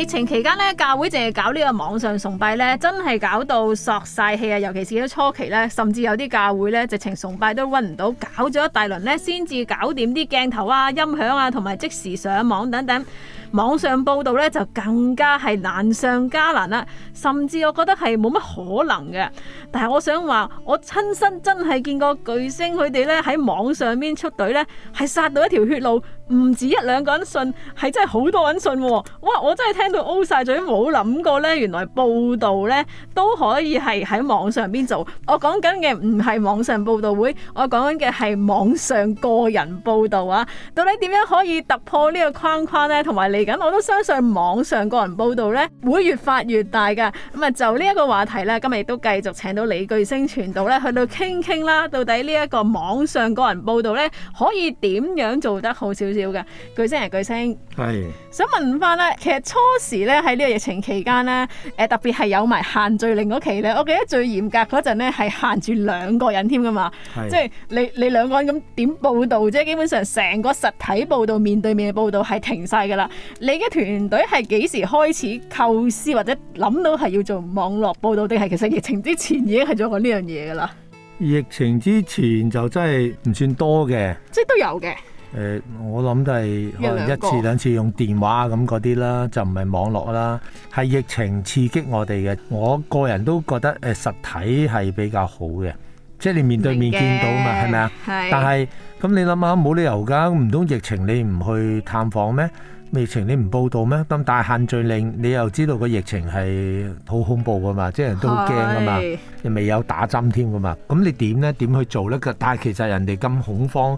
疫情期間呢，教會淨係搞呢個網上崇拜呢，真係搞到索晒氣啊！尤其是喺初期呢，甚至有啲教會呢，直情崇拜都搵唔到，搞咗一大輪呢先至搞掂啲鏡頭啊、音響啊，同埋即時上網等等。網上報道呢就更加係難上加難啦，甚至我覺得係冇乜可能嘅。但係我想話，我親身真係見過巨星佢哋呢喺網上面出隊呢，係殺到一條血路。唔止一兩個人信，係真係好多人信喎，啊！哇，我真係聽到 O 曬嘴，冇諗過呢。原來報道咧都可以係喺網上邊做。我講緊嘅唔係網上報導會，我講緊嘅係網上個人報導啊！到底點樣可以突破呢個框框呢？同埋嚟緊我都相信網上個人報導咧會越發越大㗎。咁啊，就呢一個話題呢，今日亦都繼續請到李巨星傳道呢去到傾傾啦。到底呢一個網上個人報導呢，可以點樣做得好少少？要噶，巨星係巨星，係想問翻咧，其實初時咧喺呢個疫情期間咧，誒特別係有埋限聚令嗰期咧，我記得最嚴格嗰陣咧係限住兩個人添噶嘛，即係你你兩個人咁點報道啫？基本上成個實體報道、面對面報道係停晒噶啦。你嘅團隊係幾時開始構思或者諗到係要做網絡報道，定係其實疫情之前已經係做過呢樣嘢噶啦？疫情之前就真係唔算多嘅，即係都有嘅。誒、呃，我諗都係可能一次兩次用電話咁嗰啲啦，就唔係網絡啦。係疫情刺激我哋嘅，我個人都覺得誒、呃、實體係比較好嘅，即係你面對面見到嘛，係咪啊？吧是但係咁你諗下，冇理由噶，唔通疫情你唔去探訪咩？疫情你唔報道咩？咁但係限聚令，你又知道個疫情係好恐怖噶嘛？即係人都好驚噶嘛，又未是有打針添噶嘛？咁你點呢？點去做呢？但係其實人哋咁恐慌。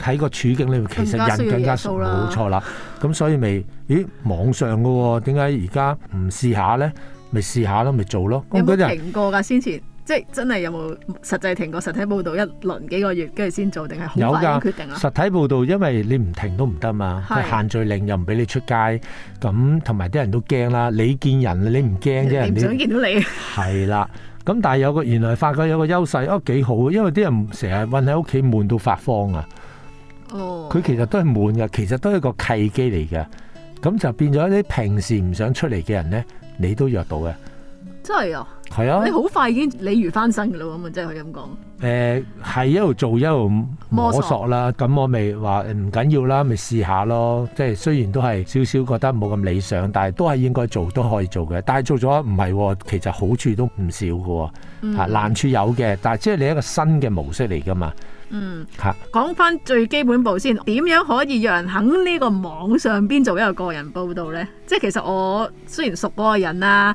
睇個處境，你其實人更加冇錯啦。咁所以咪咦？網上嘅點解而家唔試下咧？咪試下咯，咪做咯。因為停過噶先前，即係真係有冇實際停過實體報道一輪幾個月，跟住先做定係好快啲決定啊？實體報道因為你唔停都唔得嘛，限聚令又唔俾你出街，咁同埋啲人都驚啦。你見人你唔驚啫，唔想見到你係啦。咁但係有個原來發覺有個優勢，哦幾好啊，因為啲人成日困喺屋企悶到發慌啊。佢、哦、其實都係悶嘅，其實都係個契機嚟嘅，咁就變咗啲平時唔想出嚟嘅人咧，你都約到嘅，真係啊！係啊！你好快已經鯉魚翻身嘅啦，咁啊，即係咁講。誒，係一路做一路摸索啦。咁索、啊嗯、我咪話唔緊要啦，咪試下咯。即係雖然都係少少覺得冇咁理想，但係都係應該做，都可以做嘅。但係做咗唔係，其實好處都唔少嘅喎、啊。嗯、啊。難處有嘅，但係即係你一個新嘅模式嚟嘅嘛。嗯，講翻最基本步先，點樣可以讓人喺呢個網上邊做一個個人報道咧？即係其實我雖然熟個人啦，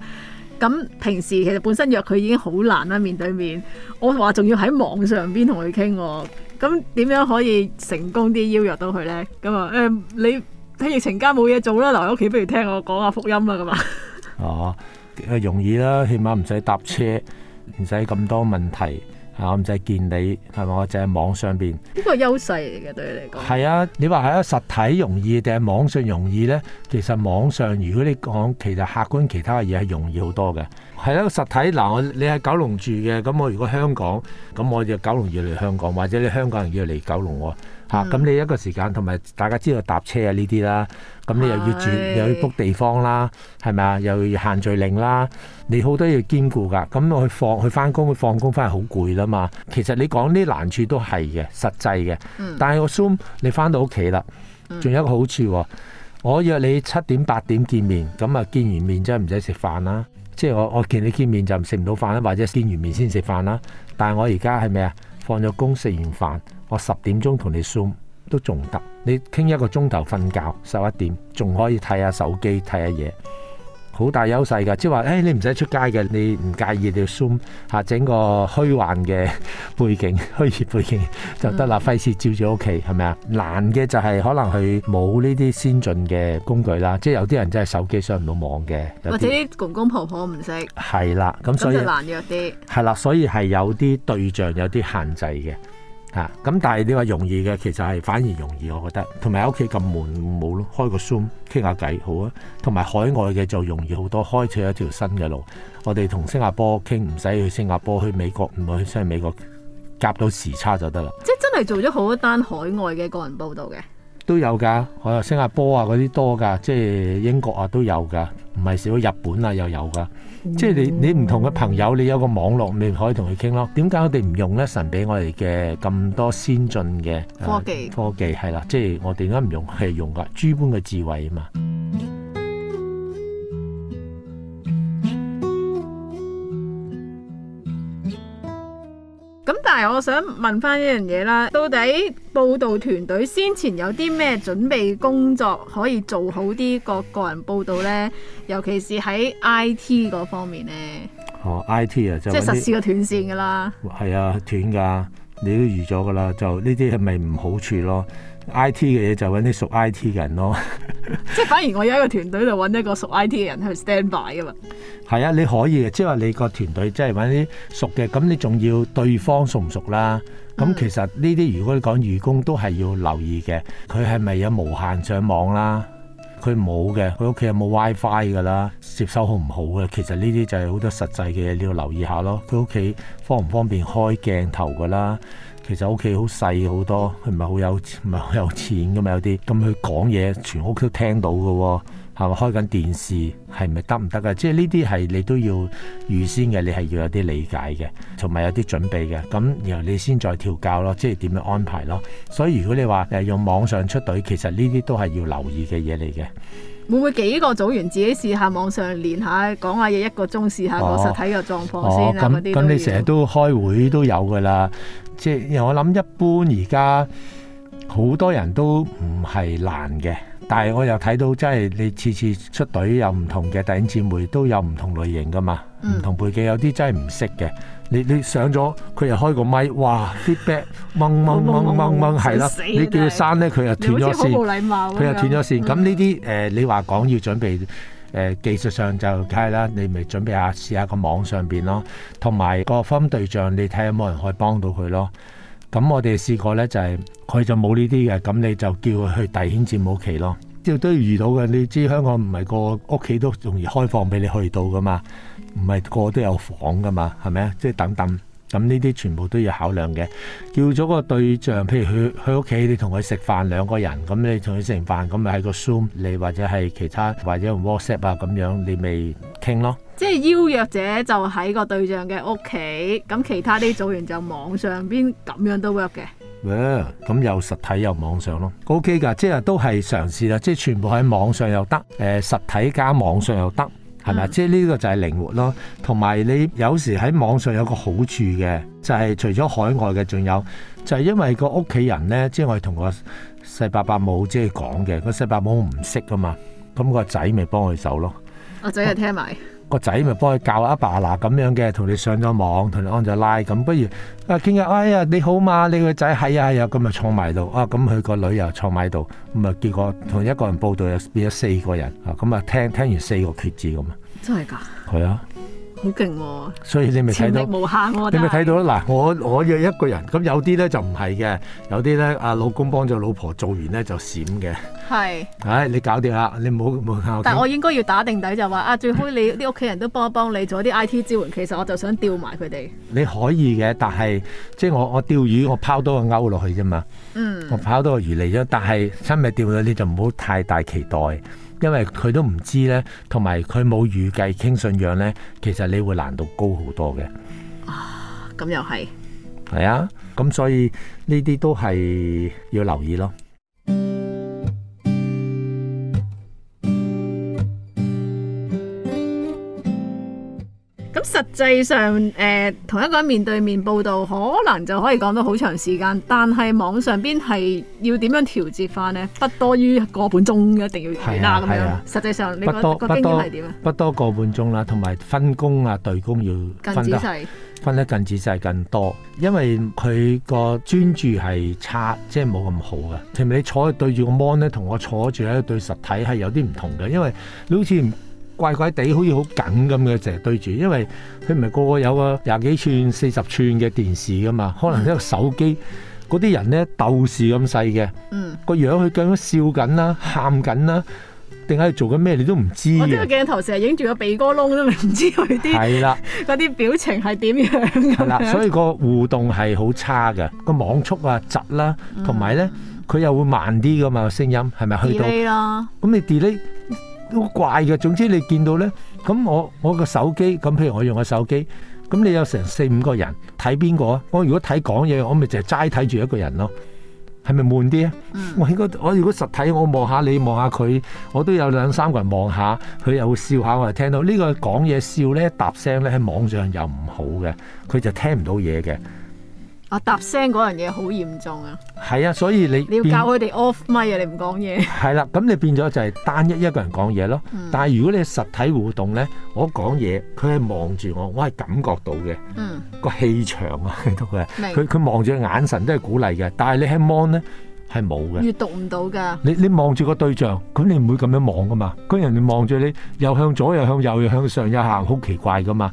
咁平時其實本身約佢已經好難啦，面對面。我話仲要喺網上邊同佢傾，咁點樣可以成功啲邀約到佢咧？咁啊誒，你喺疫情間冇嘢做啦，留喺屋企，不如聽我講下福音啦咁啊。哦，誒容易啦，起碼唔使搭車，唔使咁多問題。啊，唔使見你，係嘛？我就喺網上邊。呢個係優勢嚟嘅，對你嚟講。係啊，你話係實體容易定係網上容易咧？其實網上如果你講，其實客觀其他嘅嘢係容易好多嘅。係啦、啊，實體嗱、啊，我你喺九龍住嘅，咁我如果香港，咁我就九龍要嚟香港，或者你香港人要嚟九龍喎。咁、嗯、你一個時間，同埋大家知道搭車啊呢啲啦，咁你又要住，啊、又要 book 地方啦，係咪啊？又要限聚令啦，你好多嘢兼顧㗎。咁我去放去翻工，去放工翻係好攰啦嘛。其實你講啲難處都係嘅，實際嘅。但係我 Zoom，你翻到屋企啦，仲有一個好處喎、哦。我約你七點八點見面，咁啊見完面真係唔使食飯啦。即係我我見你見面就唔食唔到飯啦，或者見完面先食飯啦。但係我而家係咪啊？放咗工食完飯，我十點鐘同你 zoom 都仲得。你傾一個鐘頭瞓覺，十一點仲可以睇下手機睇下嘢。好大優勢㗎，即係話，誒、欸、你唔使出街嘅，你唔介意你 Zoom 吓、啊、整個虛幻嘅背景，虛擬背景就得啦，嗯、費事照住屋企係咪啊？難嘅就係可能佢冇呢啲先進嘅工具啦，即係有啲人真係手機上唔到網嘅，或者公公婆婆唔識，係啦，咁所以難約啲，係啦，所以係有啲對象有啲限制嘅。啊！咁但係你話容易嘅，其實係反而容易，我覺得。同埋屋企咁悶冇咯，開個 Zoom 傾下偈好啊。同埋海外嘅就容易好多，開創一條新嘅路。我哋同新加坡傾，唔使去新加坡，去美國唔去新加，即係美國夾到時差就得啦。即係真係做咗好多單海外嘅個人報道嘅。都有㗎，我、啊、有新加坡啊嗰啲多㗎，即係英國啊都有㗎，唔係少，日本啊又有㗎，即係你你唔同嘅朋友，你有個網絡，你可以同佢傾咯。點解我哋唔用咧？神俾我哋嘅咁多先進嘅、啊、科技，科技係啦，即係我哋點解唔用係用個豬般嘅智慧啊嘛？咁但係我想問翻一樣嘢啦，到底報道團隊先前有啲咩準備工作可以做好啲個個人報道呢？尤其是喺 IT 嗰方面呢？哦，IT 啊，即係實施個斷線㗎啦。係啊，斷㗎，你都預咗㗎啦，就呢啲係咪唔好處咯。I T 嘅嘢就揾啲熟 I T 嘅人咯，即係反而我有一個團隊就揾一個熟 I T 嘅人去 stand by 㗎嘛。係啊，你可以嘅，即係話你個團隊即係揾啲熟嘅，咁你仲要對方熟唔熟啦？咁其實呢啲如果你講員工都係要留意嘅，佢係咪有無限上網啦？佢冇嘅，佢屋企有冇 WiFi 㗎啦？接收好唔好嘅？其實呢啲就係好多實際嘅嘢你要留意下咯。佢屋企方唔方便開鏡頭㗎啦？其實屋企好細好多，佢唔係好有唔係好有錢噶嘛，有啲咁佢講嘢全屋都聽到噶喎，哦，係咪開緊電視係咪得唔得啊？即係呢啲係你都要預先嘅，你係要有啲理解嘅，同埋有啲準備嘅，咁然後你先再調教咯，即係點樣安排咯。所以如果你話誒用網上出隊，其實呢啲都係要留意嘅嘢嚟嘅。會唔會幾個組員自己試下網上練下講下嘢一個鐘試下個實體嘅狀況先咁、啊、咁、哦哦、你成日都開會都有噶啦。即係，我諗一般而家好多人都唔係難嘅，但係我又睇到真係你次次出隊有唔同嘅弟兄姊妹對對都有唔同類型噶嘛，唔同背景有啲真係唔識嘅，你你上咗佢又開個咪，哇啲 back 掹掹掹掹掹係啦，你叫佢閂咧佢又斷咗線，佢又斷咗線，咁呢啲誒你話講要準備。呃、技術上就梗係啦，你咪準備下試下個網上邊咯，同埋個分對象，你睇下有冇人可以幫到佢咯。咁我哋試過呢，就係、是、佢就冇呢啲嘅，咁你就叫佢去弟兄姊妹屋企咯。亦都要遇到嘅，你知香港唔係個屋企都容易開放俾你去到噶嘛，唔係個個都有房噶嘛，係咪啊？即係等等。咁呢啲全部都要考量嘅，叫咗個對象，譬如去去屋企，你同佢食飯兩個人，咁你同佢食完飯，咁咪喺個 Zoom，你或者係其他，或者用 WhatsApp 啊咁樣，你咪傾咯。即係邀約者就喺個對象嘅屋企，咁其他啲組員就網上邊咁樣都 work 嘅。喎，咁又實體又網上咯。OK 㗎，即係都係嘗試啦，即係全部喺網上又得，誒實體加網上又得。係咪？即係呢個就係靈活咯，同埋你有時喺網上有個好處嘅，就係、是、除咗海外嘅，仲有就係因為個屋企人呢，即係我哋同個細伯母、那個、伯母即係講嘅，個細伯母唔識啊嘛，咁個仔咪幫佢手咯。我仔又聽埋。個仔咪幫佢教阿爸啦，咁樣嘅，同你上咗網，同你安咗拉咁，不如啊傾下，哎呀你好嘛？你個仔係啊係啊，咁咪坐埋度啊，咁佢個女又坐埋度，咁啊結果同一個人報道又變咗四個人啊，咁啊聽聽完四個決志咁啊，真係噶？係啊。好勁喎！啊、所以你咪睇到，啊、你咪睇到嗱， 我我約一個人，咁有啲咧就唔係嘅，有啲咧阿老公幫咗老婆做完咧就閃嘅。係是。唉、哎，你搞掂啦，你唔好唔好但我應該要打定底就話啊，最好你啲屋企人都幫一幫你做啲 I T 支援。其實我就想釣埋佢哋。你可以嘅，但係即係我我釣魚，我拋多個勾落去啫嘛。嗯。我拋多個魚嚟咗，但係親密釣咗，你就唔好太大期待。因為佢都唔知呢，同埋佢冇預計傾信仰呢，其實你會難度高好多嘅。啊，咁又係，係啊，咁所以呢啲都係要留意咯。實際上，誒、呃、同一個人面對面報道，可能就可以講到好長時間。但係網上邊係要點樣調節翻呢？不多於個半鐘一定要完啦咁樣。啊、實際上，不多你覺得個經驗係點啊？不多個半鐘啦，同埋分工啊、隊工要分得細，分得更仔細、更多。因為佢個專注係差，即係冇咁好嘅。係咪你坐對住個 mon 咧，同我坐住咧對實體係有啲唔同嘅？因為你好似。怪怪地，好似好緊咁嘅，成日對住，因為佢唔係個個有個廿幾寸、四十寸嘅電視噶嘛，可能呢個手機嗰啲人咧豆豉咁細嘅，個樣佢究竟笑緊啦、喊緊啦，定係做緊咩？你都唔知。我呢個鏡頭成日影住個鼻哥窿都唔知佢啲係啦，啲表情係點樣？係啦，所以個互動係好差嘅，個網速啊窒啦，同埋咧佢又會慢啲噶嘛，聲音係咪去到咁你 delete 都怪嘅，總之你見到咧，咁我我個手機，咁譬如我用個手機，咁你有成四五個人睇邊個啊？我如果睇講嘢，我咪就係齋睇住一個人咯，係咪悶啲啊？我應該我如果實體，我望下你望下佢，我都有兩三個人望下，佢又會笑下我，聽到、這個、呢個講嘢笑咧，答聲咧喺網上又唔好嘅，佢就聽唔到嘢嘅。話搭、啊、聲嗰樣嘢好嚴重啊！係啊，所以你你要教佢哋 off 麥啊！你唔講嘢係啦，咁你變咗就係單一一個人講嘢咯。嗯、但係如果你實體互動咧，我講嘢，佢係望住我，我係感覺到嘅。嗯，個氣場啊，都佢佢望住嘅眼神都係鼓勵嘅。但係你係 mon 咧，係冇嘅。閲讀唔到㗎。你你望住個對象，咁你唔會咁樣望㗎嘛？咁人哋望住你，又向左又向右又向上又行，好奇怪㗎嘛？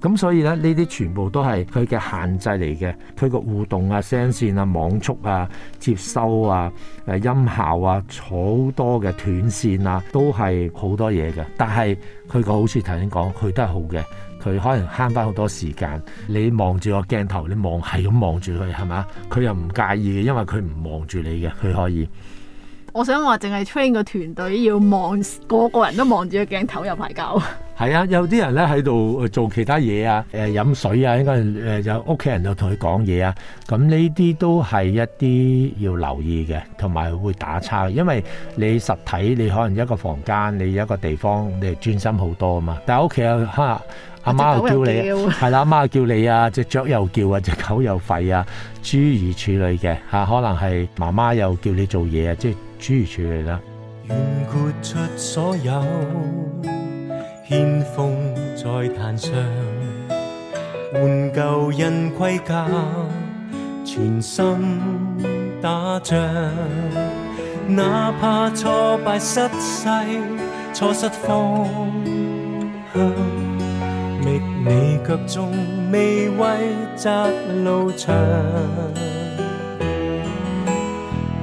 咁所以咧，呢啲全部都係佢嘅限制嚟嘅，佢個互動啊、聲線啊、網速啊、接收啊、誒、啊、音效啊，好多嘅斷線啊，都係好多嘢嘅。但係佢個好似頭先講，佢都係好嘅，佢可能慳翻好多時間。你望住個鏡頭，你望係咁望住佢係嘛？佢又唔介意嘅，因為佢唔望住你嘅，佢可以。我想話淨係 train 個團隊要望個個人都望住個鏡頭入排教。係啊，有啲人咧喺度做其他嘢啊，誒、呃，飲水啊，應該誒有屋企人就同佢講嘢啊。咁呢啲都係一啲要留意嘅，同埋會打叉。因為你實體你可能一個房間，你一個地方，你係專心好多啊嘛。但係屋企啊，哈、啊，阿媽又叫你，係啦，阿媽又叫你啊，隻雀又叫啊，隻狗又吠啊，諸如此類嘅吓、啊，可能係媽媽又叫你做嘢啊，即係。支持你啦！願豁出所有，獻奉在壇上，換舊人盔甲，全心打仗。哪怕挫敗失勢，錯失方向，覓你腳蹤未畏窄路長。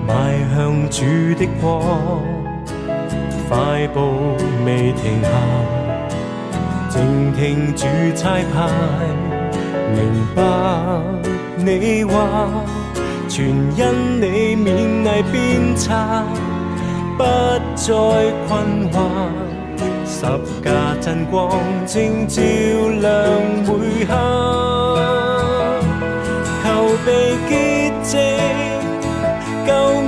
邁向主的光，快步未停下，靜聽主差派，明白你話，全因你勉勵鞭策，不再困惑，十架真光正照亮每刻，求被潔淨。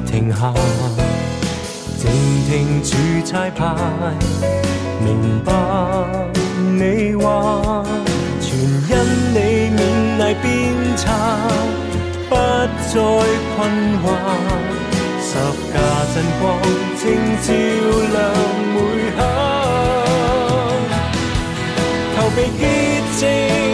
停下，靜聽主差派，明白你話，全因你勉勵鞭策，不再困惑，十架真光正照亮每刻，求被潔淨。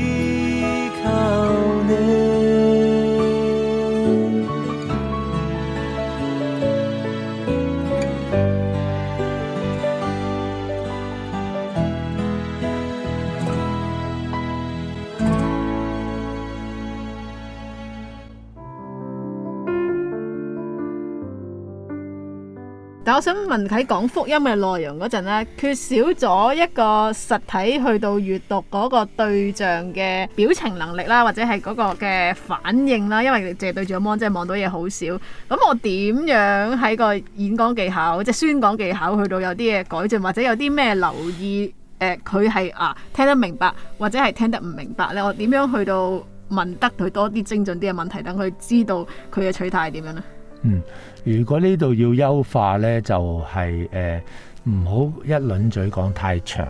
但我想問喺講福音嘅內容嗰陣咧，缺少咗一個實體去到閱讀嗰個對象嘅表情能力啦，或者係嗰個嘅反應啦。因為淨係對住個 mon 即係望到嘢好少。咁我點樣喺個演講技巧即係宣講技巧去到有啲嘢改進，或者有啲咩留意？誒、呃，佢係啊聽得明白，或者係聽得唔明白咧？我點樣去到問得佢多啲精準啲嘅問題，等佢知道佢嘅取態係點樣咧？嗯。如果呢度要優化呢，就係誒唔好一輪嘴講太長，誒、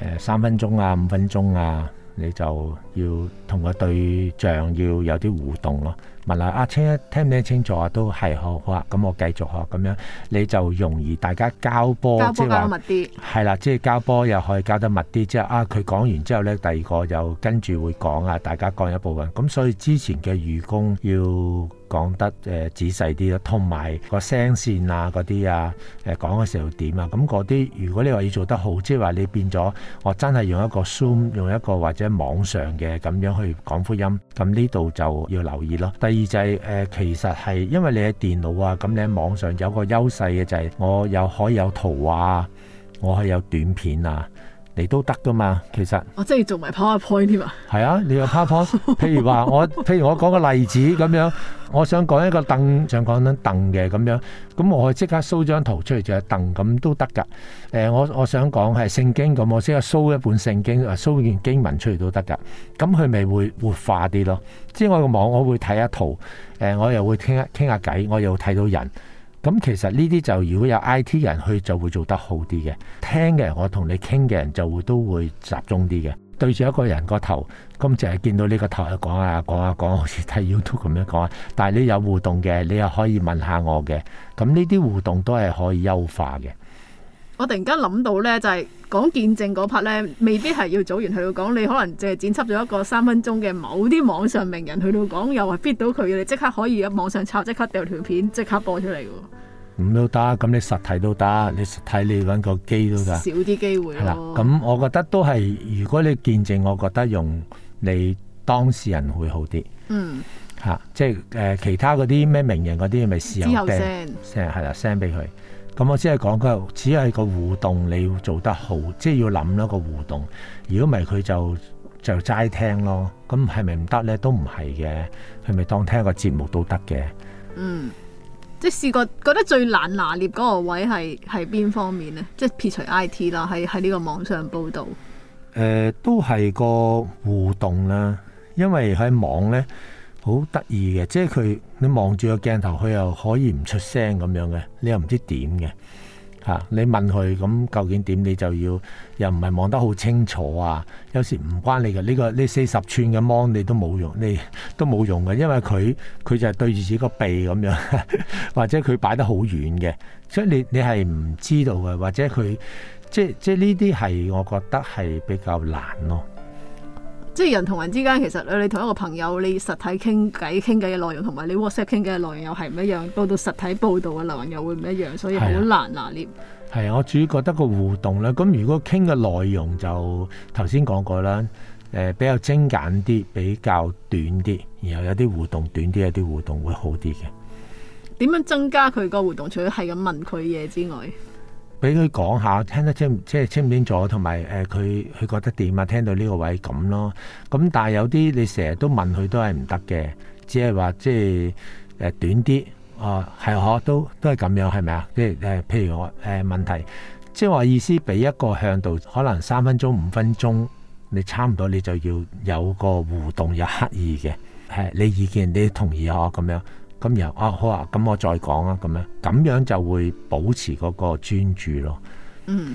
呃、三分鐘啊、五分鐘啊，你就。要同個對象要有啲互動咯。問下阿青、啊、一聽唔聽清，清楚啊？都係好好啊，咁我繼續學咁樣，你就容易大家交，交波，即係密啲，係啦，即係交波又可以交得密啲。即係啊，佢講完之後咧，第二個又跟住會講啊，大家講一部分。咁所以之前嘅愚公要講得誒、呃、仔細啲咯，同埋個聲線啊嗰啲啊誒講嘅時候點啊，咁嗰啲如果你話要做得好，即係話你變咗我真係用一個 Zoom，用一個或者網上嘅。誒咁樣去講福音，咁呢度就要留意咯。第二就係誒，其實係因為你喺電腦啊，咁你喺網上有個優勢嘅就係我又可以有圖畫，我可以有短片啊。你都得噶嘛，其實我真係做埋 PowerPoint 添啊！係 啊，你個 PowerPoint，譬如話我，譬如我講個例子咁樣，我想講一個凳，想講啲凳嘅咁樣，咁我可以即刻搜張圖出嚟就係凳咁都得噶。誒、欸，我我想講係聖經咁，我即刻搜一本聖經，搜件經文出嚟都得噶。咁佢咪會活化啲咯？即係我個網，我會睇下圖，誒、欸，我又會傾傾下偈，我又睇到人。咁其實呢啲就如果有 IT 人去就會做得好啲嘅，聽嘅人我同你傾嘅人就會都會集中啲嘅。對住一個人個頭，咁淨係見到呢個頭去講啊講啊講，好似睇 YouTube 咁樣講。但係你有互動嘅，你又可以問下我嘅。咁呢啲互動都係可以優化嘅。我突然間諗到呢，就係、是、講見證嗰 part 呢，未必係要組完去到講，你可能就係剪輯咗一個三分鐘嘅某啲網上名人去到講，又話 b 到佢，你即刻可以喺網上插，即刻掉條片，即刻播出嚟喎。唔都得，咁你實體都得，你實體你揾個機都得。少啲機會。咁我覺得都係，如果你見證，我覺得用你當事人會好啲。嗯。嚇、啊，即係、呃、其他嗰啲咩名人嗰啲，咪試下 send s, 後 S, 傳 啦，send 俾佢。咁我只係講佢，只係個互動你要做得好，即係要諗一個互動。如果唔係佢就就齋聽咯，咁係咪唔得呢？都唔係嘅，係咪當聽個節目都得嘅？嗯，即係試過覺得最難拿捏嗰個位係係邊方面呢？即係撇除 IT 啦，喺喺呢個網上報導。誒、嗯呃，都係個互動啦，因為喺網呢。好得意嘅，即係佢你望住個鏡頭，佢又可以唔出聲咁樣嘅，你又唔知點嘅吓。你問佢咁究竟點，你就要又唔係望得好清楚啊。有時唔關你噶，呢個呢四十寸嘅芒，你都冇用，你都冇用嘅，因為佢佢就係對住自己個鼻咁樣呵呵，或者佢擺得好遠嘅，所以你你係唔知道嘅，或者佢即係即係呢啲係我覺得係比較難咯。即係人同人之間，其實你同一個朋友，你實體傾偈傾偈嘅內容，同埋你 WhatsApp 傾偈嘅內容又係唔一樣。到到實體報道嘅內容又會唔一樣，所以好難拿捏。係啊，啊，我主要覺得個互動呢，咁如果傾嘅內容就頭先講過啦，誒、呃、比較精簡啲，比較短啲，然後有啲互動短啲，有啲互動會好啲嘅。點樣增加佢個互動，除咗係咁問佢嘢之外？俾佢講下，聽得清即係清唔清楚，同埋誒佢佢覺得點啊？聽到呢個位咁咯。咁但係有啲你成日都問佢都係唔得嘅，只係話即係誒、呃、短啲啊，係嗬，都都係咁樣係咪啊？即係誒，譬如我誒、呃、問題，即係話意思俾一個向度，可能三分鐘、五分鐘，你差唔多，你就要有個互動有刻意嘅，係、啊、你意見，你同意啊咁樣。咁又啊好啊，咁我再講啊，咁樣咁樣就會保持嗰個專注咯。嗯，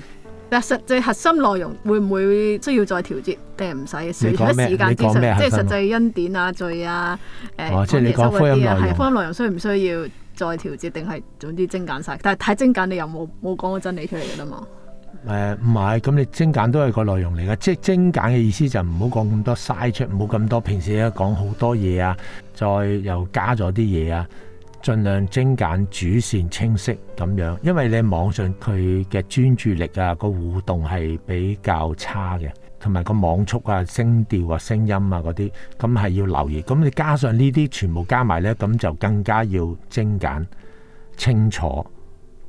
嗱，實際核心內容會唔會需要再調節定係唔使？隨喺時間之上，即係實際恩典啊、罪啊、誒，即係你講嗰啲啊，係福音內容需唔需要再調節？定係總之精簡晒？但係太精簡，你又冇冇講個真理出嚟㗎嘛？誒，唔係咁，你精簡都係個內容嚟㗎。即係精簡嘅意思就唔好講咁多，嘥出，唔好咁多。平時咧講好多嘢啊，再又加咗啲嘢啊，盡量精簡，主線清晰咁樣。因為你網上佢嘅專注力啊，個互動係比較差嘅，同埋個網速啊、聲調啊、聲音啊嗰啲，咁係要留意。咁你加上呢啲，全部加埋呢，咁就更加要精簡清楚，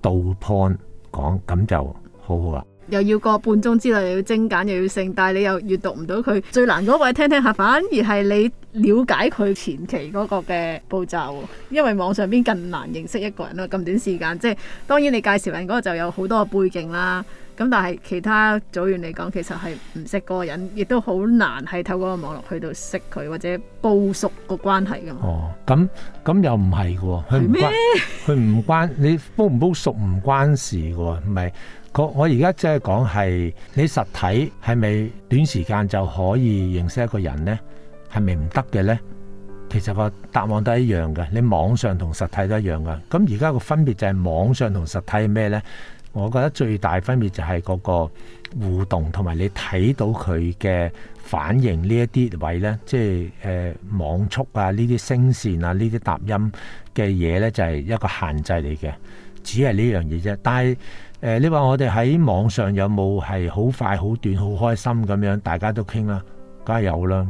到 point 講咁就。好好啊！又要個半鐘之內又要精簡又要剩，但係你又閱讀唔到佢最難嗰位聽聽下，反而係你了解佢前期嗰個嘅步驟，因為網上邊更難認識一個人啦。咁短時間即係當然你介紹人嗰個就有好多背景啦。咁但係其他組員嚟講，其實係唔識嗰個人，亦都好難係透過網絡去到識佢或者煲熟個關係噶嘛。哦，咁咁又唔係噶，佢唔關佢唔嗎？關，關你煲唔煲熟唔關事噶，唔係。我而家即係講係你實體係咪短時間就可以認識一個人呢？係咪唔得嘅呢？其實個答案都係一樣嘅，你網上同實體都一樣嘅。咁而家個分別就係網上同實體係咩呢？我覺得最大分別就係嗰個互動同埋你睇到佢嘅反應呢一啲位呢，即係誒網速啊、呢啲聲線啊、呢啲答音嘅嘢呢，就係一個限制嚟嘅，只係呢樣嘢啫。但係誒，你話我哋喺網上有冇係好快、好短、好開心咁樣，大家都傾啦，梗係有啦。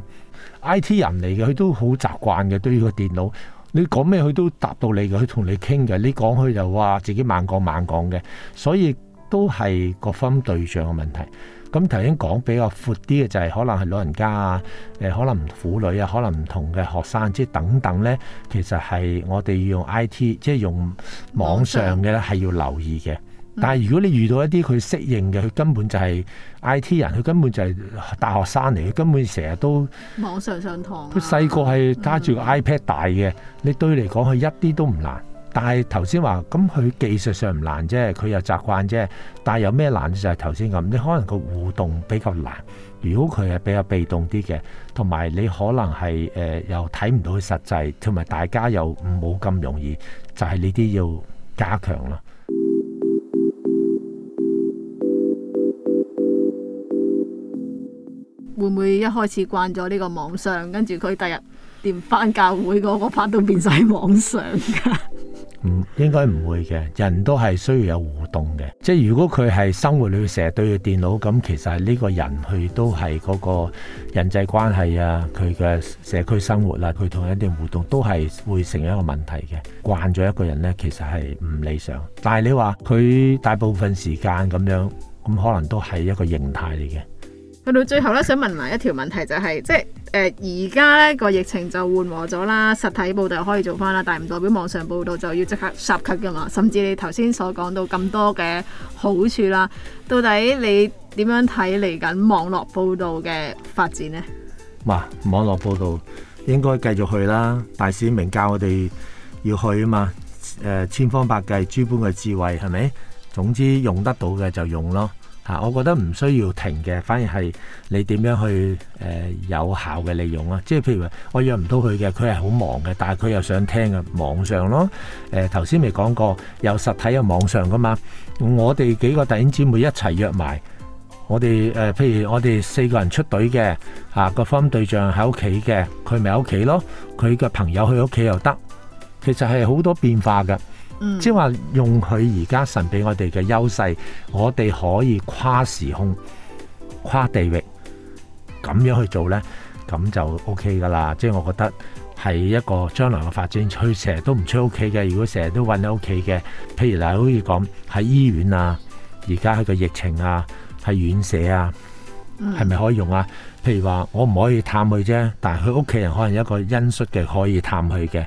I T 人嚟嘅，佢都好習慣嘅，對於個電腦，你講咩佢都答到你嘅，佢同你傾嘅。你講佢就話自己猛講猛講嘅，所以都係各方對象嘅問題。咁頭先講比較闊啲嘅就係可能係老人家啊，誒，可能婦女啊，可能唔同嘅學生，即係等等呢，其實係我哋要用 I T，即係用網上嘅咧，係要留意嘅。但係如果你遇到一啲佢適應嘅，佢根本就係 IT 人，佢根本就係大學生嚟，佢根本成日都網上上堂、啊。佢細個係揸住個 iPad 大嘅，嗯、你對佢嚟講佢一啲都唔難。但係頭先話咁，佢技術上唔難啫，佢又習慣啫。但係有咩難就係頭先咁，你可能個互動比較難。如果佢係比較被動啲嘅，同埋你可能係誒、呃、又睇唔到佢實際，同埋大家又冇咁容易，就係呢啲要加強咯。會唔會一開始慣咗呢個網上，跟住佢第日連翻教會嗰個班都變晒網上噶？嗯，應該唔會嘅，人都係需要有互動嘅。即係如果佢係生活裏邊成日對住電腦咁，其實呢個人佢都係嗰個人際關係啊，佢嘅社區生活啊，佢同人哋互動都係會成一個問題嘅。慣咗一個人呢，其實係唔理想。但係你話佢大部分時間咁樣，咁可能都係一個形態嚟嘅。去到最後咧，想問埋一條問題就係、是，即係誒而家咧個疫情就緩和咗啦，實體報道可以做返啦，但係唔代表網上報道就要即刻十級㗎嘛？甚至你頭先所講到咁多嘅好處啦，到底你點樣睇嚟緊網絡報道嘅發展呢？哇！網絡報道應該繼續去啦，大師明教我哋要去啊嘛，誒、呃、千方百計、諸般嘅智慧係咪？總之用得到嘅就用咯。嚇、啊！我覺得唔需要停嘅，反而係你點樣去誒、呃、有效嘅利用啊！即係譬如話，我約唔到佢嘅，佢係好忙嘅，但係佢又想聽嘅，網上咯。誒頭先咪講過，有實體有網上噶嘛？我哋幾個弟兄姊妹一齊約埋，我哋誒、呃、譬如我哋四個人出隊嘅，啊個福音對象喺屋企嘅，佢咪喺屋企咯？佢嘅朋友去屋企又得，其實係好多變化㗎。即係話用佢而家神俾我哋嘅優勢，我哋可以跨時空、跨地域，咁樣去做呢，咁就 O K 噶啦。即係我覺得係一個將來嘅發展，佢成日都唔出屋企嘅。如果成日都穩喺屋企嘅，譬如嗱，好似講喺醫院啊，而家佢個疫情啊，喺院舍啊，係咪、嗯、可以用啊？譬如話我唔可以探佢啫，但係佢屋企人可能有一個親屬嘅可以探佢嘅，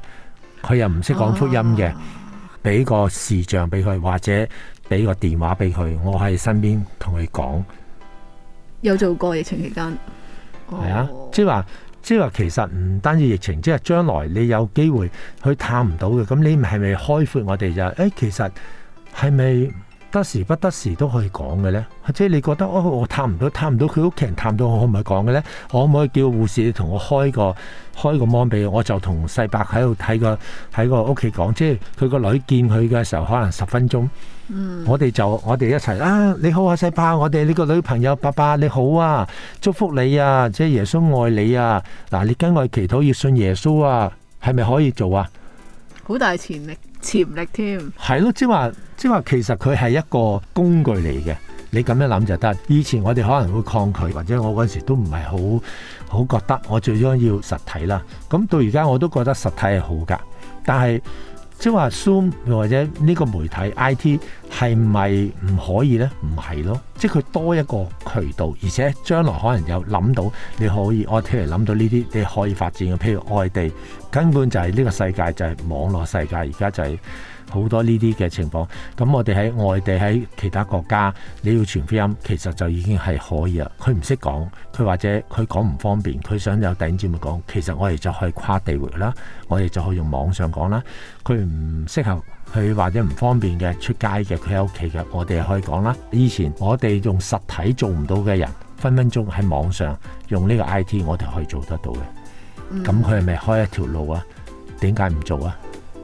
佢又唔識講福音嘅。啊啊啊啊俾個視像俾佢，或者俾個電話俾佢，我喺身邊同佢講。有做過疫情期間，係啊，哦、即係話，即係話，其實唔單止疫情，即係將來你有機會去探唔到嘅，咁你係咪開闊我哋就？誒、哎，其實係咪？得時不得時都可以講嘅咧，即係你覺得哦，我探唔到探唔到佢屋企人探到，探到探到我我我可唔可以講嘅咧？可唔可以叫護士你同我開個開個 mon 畀，我就同細伯喺度睇個喺個屋企講，即係佢個女見佢嘅時候，可能十分鐘。嗯，我哋就我哋一齊啊！你好啊，細伯，我哋呢個女朋友爸爸，你好啊，祝福你啊！即係耶穌愛你啊！嗱，你跟我祈禱要信耶穌啊，係咪可以做啊？好大潛力。潛力添，係咯，即係話，即係話，其實佢係一個工具嚟嘅，你咁樣諗就得。以前我哋可能會抗拒，或者我嗰時都唔係好好覺得，我最緊要實體啦。咁到而家我都覺得實體係好㗎，但係即係話 Zoom 或者呢個媒體 IT。係咪唔可以呢？唔係咯，即係佢多一個渠道，而且將來可能有諗到你可以，我聽嚟諗到呢啲，你可以發展嘅。譬如外地根本就係呢個世界就係網絡世界，而家就係好多呢啲嘅情況。咁我哋喺外地喺其他國家，你要傳福音，其實就已經係可以啦。佢唔識講，佢或者佢講唔方便，佢想有頂尖嘅講，其實我哋就可以跨地域啦，我哋就可以用網上講啦。佢唔適合。佢或者唔方便嘅出街嘅，佢喺屋企嘅，我哋可以講啦。以前我哋用實體做唔到嘅人，分分鐘喺網上用呢個 I T，我哋可以做得到嘅。咁佢係咪開一條路啊？點解唔做啊？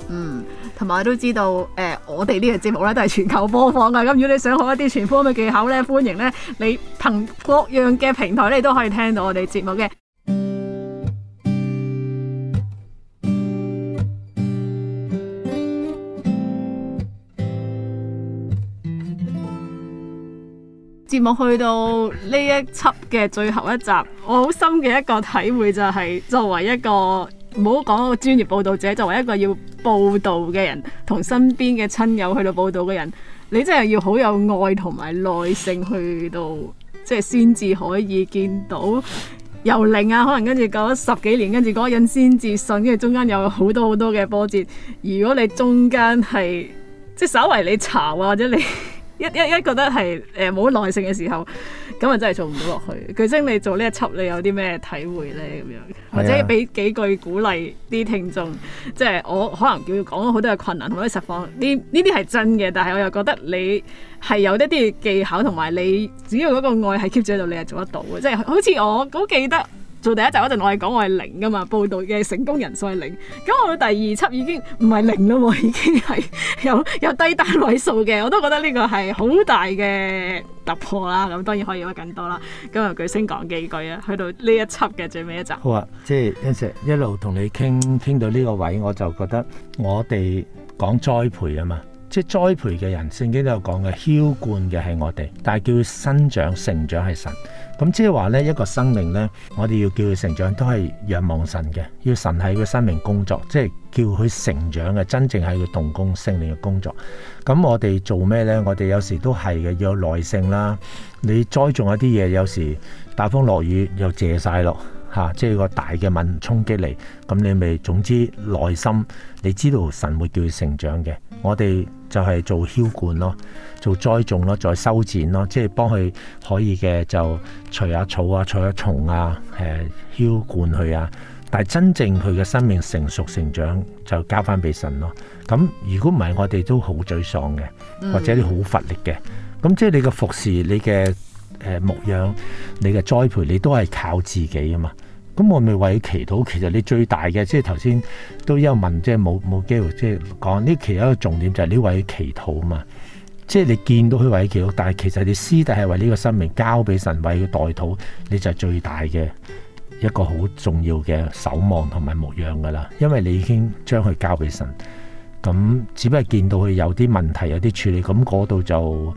嗯，同埋都知道誒、呃，我哋呢個節目咧都係全球播放噶咁如果你想學一啲全方位嘅技巧咧，歡迎咧你憑各樣嘅平台咧，你都可以聽到我哋節目嘅。節目去到呢一輯嘅最後一集，我好深嘅一個體會就係、是、作為一個，唔好講個專業報道者，作為一個要報道嘅人，同身邊嘅親友去到報道嘅人，你真係要好有愛同埋耐性去到，即係先至可以見到由零啊，可能跟住過咗十幾年，跟住嗰人先至信，跟住中間有好多好多嘅波折。如果你中間係即係稍為你嘈，啊、或者你， 一一一覺得係誒冇耐性嘅時候，咁啊真係做唔到落去。巨星你，你做呢一輯你有啲咩體會咧？咁樣或者俾幾句鼓勵啲聽眾，即係、啊、我可能叫佢講好多嘅困難同啲實況，呢呢啲係真嘅。但係我又覺得你係有一啲技巧同埋你，只要嗰個愛係 keep 住喺度，你係做得到嘅。即係好似我好記得。做第一集嗰陣，我係講我係零噶嘛，報道嘅成功人數係零。咁我第二輯已經唔係零啦喎，已經係有有低單位數嘅。我都覺得呢個係好大嘅突破啦。咁當然可以有更多啦。咁啊，佢先講幾句啊，去到呢一輯嘅最尾一集。好啊，即係一直一路同你傾傾到呢個位，我就覺得我哋講栽培啊嘛。即係栽培嘅人，聖經都有講嘅，澆灌嘅係我哋，但係叫佢生長成長係神。咁即係話呢一個生命呢，我哋要叫佢成長，都係仰望神嘅，要神喺佢生命工作，即係叫佢成長嘅，真正係佢動工聖靈嘅工作。咁我哋做咩呢？我哋有時都係嘅，要有耐性啦。你栽種一啲嘢，有時大風落雨又謝晒咯，嚇、啊，即係個大嘅問衝擊嚟。咁你咪總之耐心，你知道神會叫佢成長嘅。我哋就係做澆灌咯，做栽種咯，再修剪咯，即係幫佢可以嘅就除下草啊、除下蟲啊、誒澆灌佢啊。但係真正佢嘅生命成熟成長，就交翻俾神咯。咁如果唔係，我哋都好沮喪嘅，或者你好乏力嘅。咁、嗯、即係你嘅服侍、你嘅誒牧養、你嘅栽培，你都係靠自己啊嘛。咁我咪為佢祈禱，其實你最大嘅，即係頭先都有問，即係冇冇機會即係講呢？其中一個重點就係你為佢祈禱嘛，即係你見到佢為佢祈禱，但係其實你私底下係為呢個生命交俾神為佢代禱，你就係最大嘅一個好重要嘅守望同埋牧養噶啦，因為你已經將佢交俾神。咁只不過見到佢有啲問題，有啲處理，咁嗰度就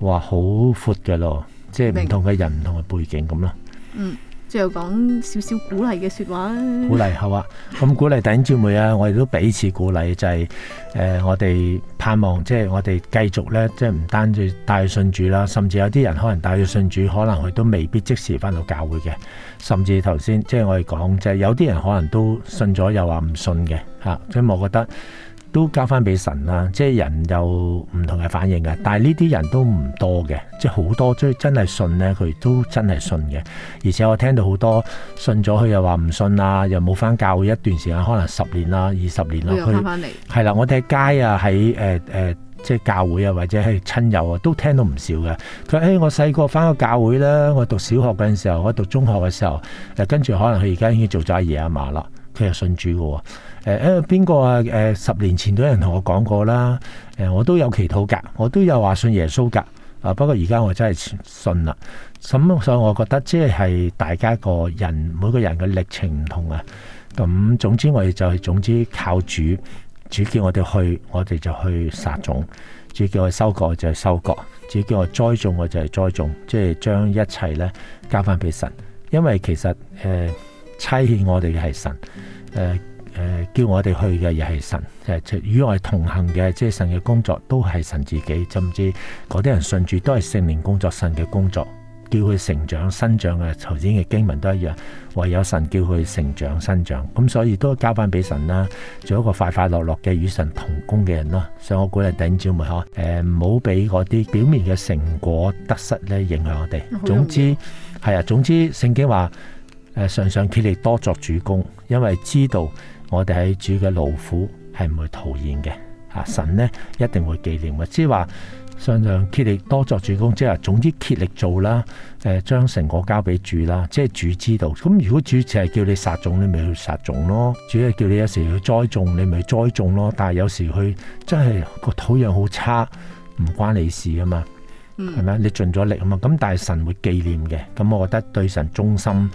話好闊嘅咯，即係唔同嘅人、唔白同嘅背景咁咯。嗯。最後講少少鼓勵嘅說話，鼓勵好啊！咁、嗯、鼓勵弟兄妹啊，我哋都彼此鼓勵，就係、是、誒，我哋盼望即係我哋繼續咧，即係唔單止帶信主啦，甚至有啲人可能帶去信主，可能佢都未必即時翻到教會嘅，甚至頭先即係我哋講就係、是、有啲人可能都信咗又話唔信嘅吓，即、啊、係、就是、我覺得。都交翻俾神啦，即係人有唔同嘅反應嘅，但係呢啲人都唔多嘅，即係好多追真係信呢，佢都真係信嘅。而且我聽到好多信咗，佢又話唔信啊，又冇翻教會一段時間，可能十年啊、二十年啊，佢翻翻嚟。係啦，我哋喺街啊，喺誒誒，即係教會啊，或者係親友啊，都聽到唔少嘅。佢誒，hey, 我細個翻過教會啦，我讀小學嘅時候，我讀中學嘅時候，誒，跟住可能佢而家已經做咗阿爺阿嫲啦，佢係信主嘅。誒，因為邊個啊？誒、呃，十年前都有人同我講過啦。誒、呃，我都有祈禱噶，我都有話信耶穌噶。啊，不過而家我真係信啦。咁所以我覺得即係大家個人每個人嘅歷程唔同啊。咁總之我哋就係總之靠主，主叫我哋去，我哋就去撒種；主叫我哋收割就係收割；主叫我栽種我就係栽種。即係將一切咧交翻俾神，因為其實誒差遣我哋嘅係神誒。呃誒、呃，叫我哋去嘅又係神，誒，與我同行嘅即係神嘅工作，都係神自己。甚至嗰啲人順住都係聖靈工作，神嘅工作叫佢成長、生長嘅頭先嘅經文都一樣，唯有神叫佢成長、生長。咁所以都交翻俾神啦，做一個快快樂樂嘅與神同工嘅人咯。所以我鼓勵弟兄姊妹唔好俾嗰啲表面嘅成果得失咧影響我哋。啊、總之係啊，總之聖經話誒，常、呃、常竭力多作主工，因為知道。我哋喺主嘅勞苦係唔會徒然嘅，啊神呢一定會紀念嘅，即係話盡量竭力多作主工，即係總之竭力做啦，誒、呃、將成果交俾主啦，即係主知道。咁如果主就係叫你殺種，你咪去殺種咯；主係叫你有時去栽種，你咪去栽種咯。但係有時佢真係個土壤好差，唔關你的事啊嘛。係嘛？你盡咗力啊嘛！咁但係神會紀念嘅。咁我覺得對神忠心，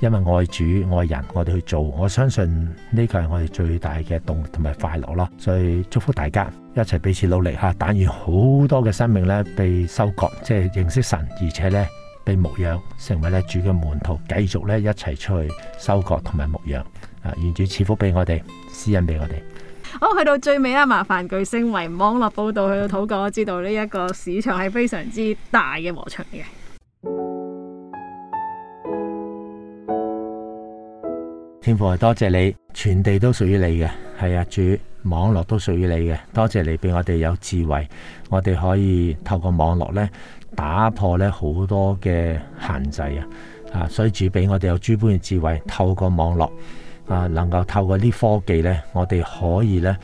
因為愛主愛人，我哋去做。我相信呢個係我哋最大嘅動力同埋快樂咯。所以祝福大家一齊彼此努力吓，但願好多嘅生命咧被收割，即係認識神，而且咧被牧養，成為咧主嘅門徒，繼續咧一齊出去收割同埋牧養。啊，願主賜福俾我哋，施恩俾我哋。好，去到最尾啦！麻煩巨星為網絡報導去到土港，我知道呢一個市場係非常之大嘅禾場嘅。天父，多謝你，全地都屬於你嘅，係啊，主，網絡都屬於你嘅。多謝你俾我哋有智慧，我哋可以透過網絡呢打破呢好多嘅限制啊！啊，所以主俾我哋有諸般嘅智慧，透過網絡。啊，能夠透過啲科技呢，我哋可以呢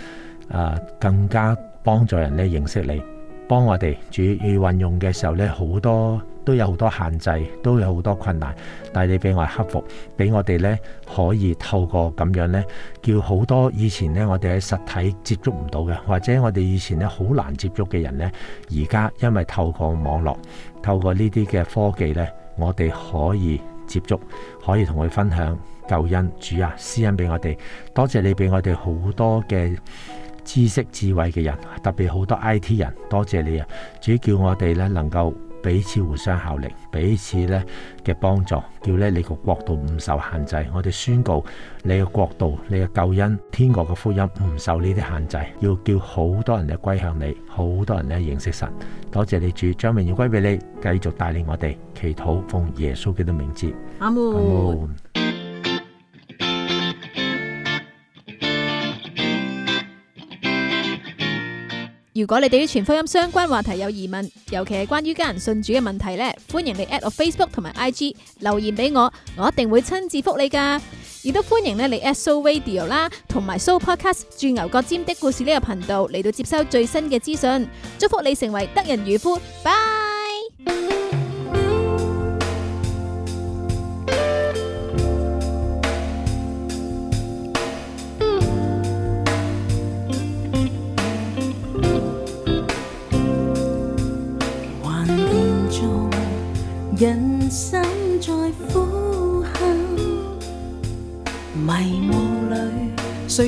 啊，更加幫助人呢認識你。幫我哋主要運用嘅時候呢，好多都有好多限制，都有好多困難，但你俾我哋克服，俾我哋呢可以透過咁樣呢，叫好多以前呢我哋喺實體接觸唔到嘅，或者我哋以前呢好難接觸嘅人呢。而家因為透過網絡，透過呢啲嘅科技呢，我哋可以。接觸可以同佢分享救恩，主啊，施恩俾我哋，多謝你俾我哋好多嘅知識智慧嘅人，特別好多 IT 人，多謝你啊！主叫我哋咧能夠。彼此互相效力，彼此咧嘅幫助，叫咧你個國度唔受限制。我哋宣告你個國度、你嘅救恩、天國嘅福音唔受呢啲限制，要叫好多人咧歸向你，好多人咧認識神。多謝你主，將榮耀歸俾你，繼續帶領我哋祈禱，奉耶穌基督的名字。阿門們。阿如果你對於全福音相關話題有疑問，尤其係關於家人信主嘅問題咧，歡迎你 at 我 Facebook 同埋 IG 留言俾我，我一定會親自復你噶。亦都歡迎咧你 at Soul Radio 啦，同埋 Soul Podcast，鑽牛角尖的故事呢個頻道嚟到接收最新嘅資訊。祝福你成為得人如魚，拜。